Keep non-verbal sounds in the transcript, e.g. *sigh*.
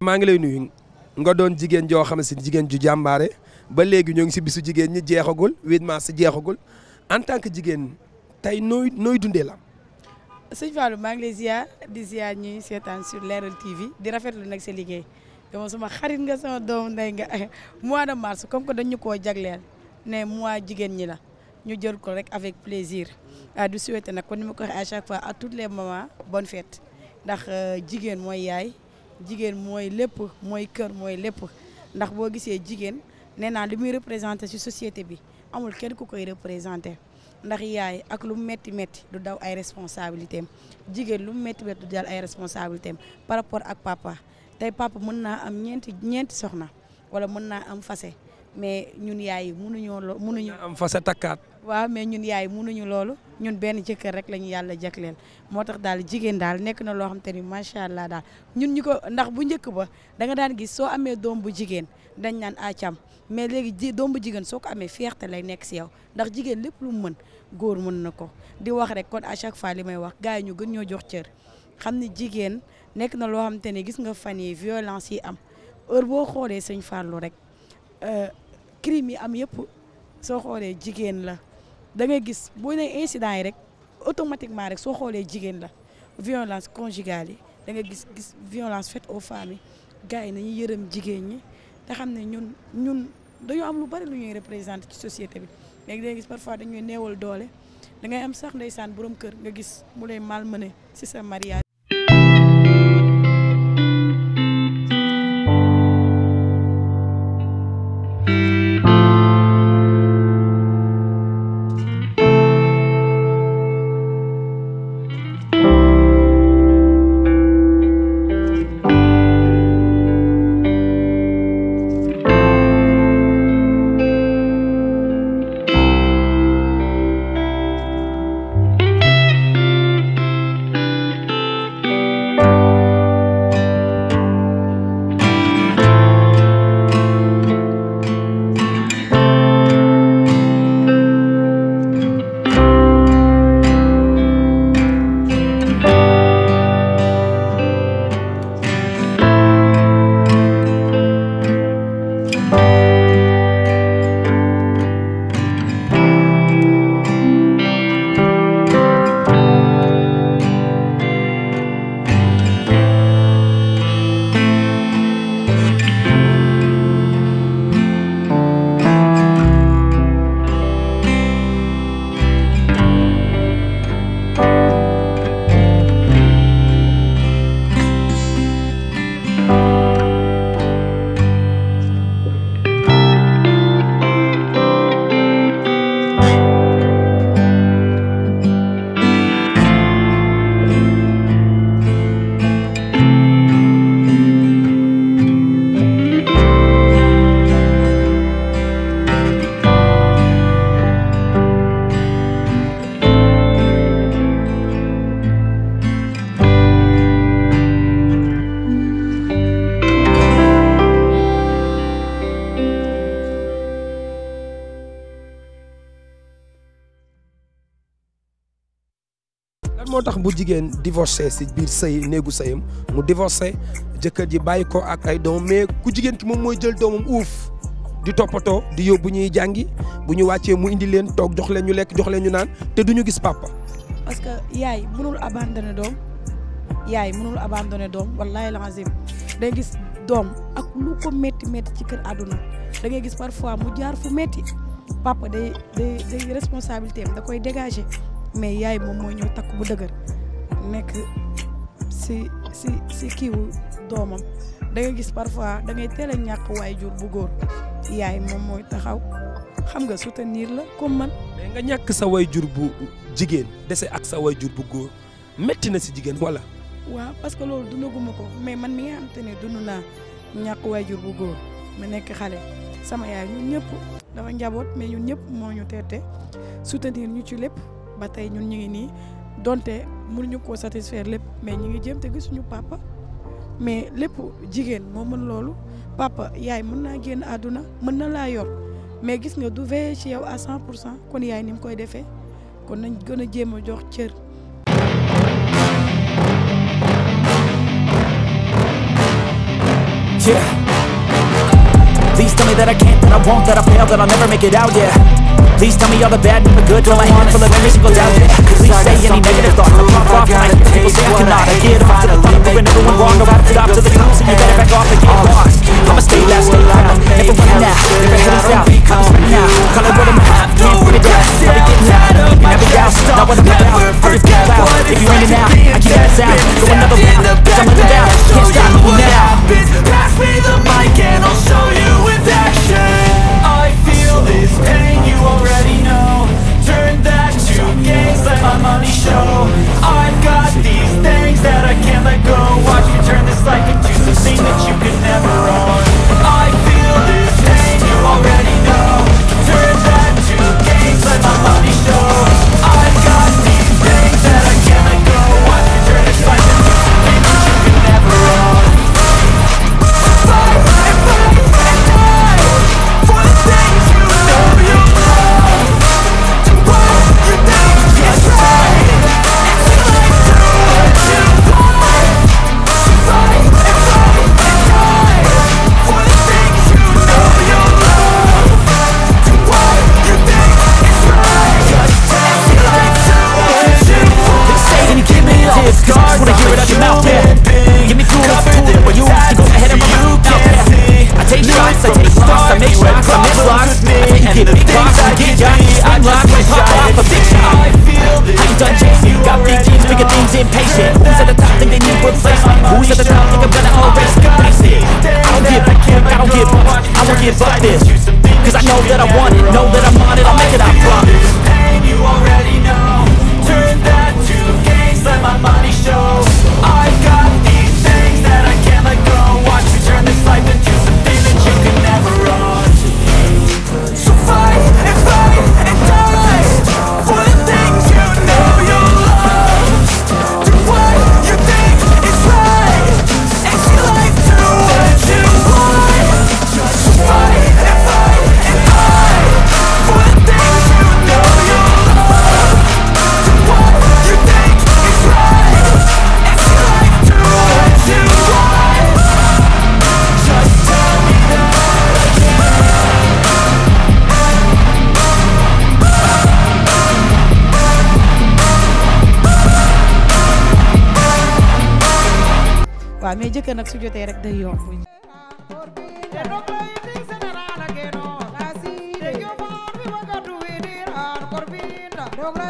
maa ngi lay nuyu nga doon jigéen joo xam ne si jigéen ju jàmbaare ba léegi ñoo ngi si bisu jigéen ñi jeexagul 8 mars jeexagul en tant que jigéen tey nooy nooy dundee la sëñ Fallou maa ngi lay ziar di ziar ñuy seetaan sur Leral TV di rafetlu nag sa liggéey dama sama xarit nga sama doomu ndey nga *laughs* mois de mars comme que dañu koo jagleel ne mois jigéen ñi la ñu jël ko rek avec plaisir ah du souhaiter nag ko ni ma ko waxee à chaque fois à tout les mamans bon fête ndax euh, jigéen mooy yaay jigéen mooy lépp mooy kër mooy lépp ndax boo gisee jigéen nee naa li muy représenté si société bi amul kenn ku koy représenté. ndax yaay ak lu metti metti du daw ay responsabilité jigéen lu metti metti du dal ay responsabilité par rapport ak papa tey papa mën naa am ñeenti ñeenti soxna wala mën naa am fase mais ñun yaay yi munuñoo am fa sa takkaat. waaw mais ñun yaay munuñu loolu ñun benn jëkkër rek lañu ñu yàlla jagleel moo tax daal jigéen daal nekk na loo xam te ni macha allah daal ñun ñu ko ndax bu njëkk ba danga nga daan gis soo amee doom bu jigéen dañ naan acam ah, mais léegi ji doom bu jigéen soo ko amee fierté lay nekk si yow ndax jigéen lépp lu mu mën góor mën na ko di wax rek kon à chaque fois li may wax gars yi ñu gën ñoo jox cër xam ni jigéen nekk na loo xam te ne gis nga fan yi violence yi am heure boo xoolee sëñ Fallou rek. Euh, crime yi am yëpp soo xoolee jigéen la dangay gis boo ne incident yi rek automatiquement rek soo xoolee jigéen la violence conjugale yi da nga gis gis violence faite au femmes yi gars yi nañu yërëm jigéen ñi te xam ne ñun ñun dañoo am lu bari lu ñuy représenté ci société bi léegi da gis parfois dañuy neewal doole da ngay am sax ndeysaan borom kër nga gis mu lay malmené ci sa mariage lan moo tax bu jigéen divorcé si biir sëy néegu sëyam mu divorcé jëkkër ji bàyyi ko ak ay doom mais ku jigéen ci moom mooy jël doomam uuf di toppatoo di yóbbu ñuy jàngi bu ñu wàccee mu indi leen toog jox leen ñu lekk jox leen ñu naan te duñu gis papa. parce que yaay mënul abandonné doom yaay mënul abandonné doom wallaahi lazim day gis doom ak lu ko métti métti ci kër àdduna da ngay gis parfois mu jaar fu métti papa day day day da koy dégager. mais yaay moom mooy ñëw takk bu dëgër nekk si si si kiiwu doomam da gis parfois da ngay teel a ñàkk bu góor yaay moom mooy taxaw xam nga soutenir la comme man. mais nga ñàkk sa waajur bu jigéen dese ak sa waajur bu góor métti na si jigéen wala. waaw parce que loolu dundaguma ko mais man mi nga xam te ne dund naa ñàkk waajur bu góor ma nekk xale sama yaay ñun ñëpp dafa njaboot mais ñun ñëpp moo ñu teete soutenir ñu ci lépp. ba tey ñun ñu ngi nii donte mënuñu koo satisfaire lépp mais ñu ngi jéem te gisuñu papa mais lépp jigéen moo mën loolu papa yaay mën naa génn àdduna mën na laa yor mais gis nga du veillé ci yow à cent pour cent kon yaay ni mu koy defee kon nañ gën a jéem a jox cër. Yeah. Please tell me that I can't, that I Please tell me all the bad and the good Fill my head full of every single doubt Please say any negative thoughts I pop off when I hear people say I cannot I get off to the fuck Proving everyone wrong I'll rap it off to the cops And you better back off and get lost I'ma stay loud, stay proud Never running out, never heading out I'm spreading out, call it what I'm out Can't put it down, I'll be getting out You never doubt, not what I'm about I just get loud, if you ain't it now I keep ass out, go another round I won't give up this Cause I know that I want it, know that I'm on it I'll make it, I promise quoi mais jëkkër nag su jotee rek day yomb.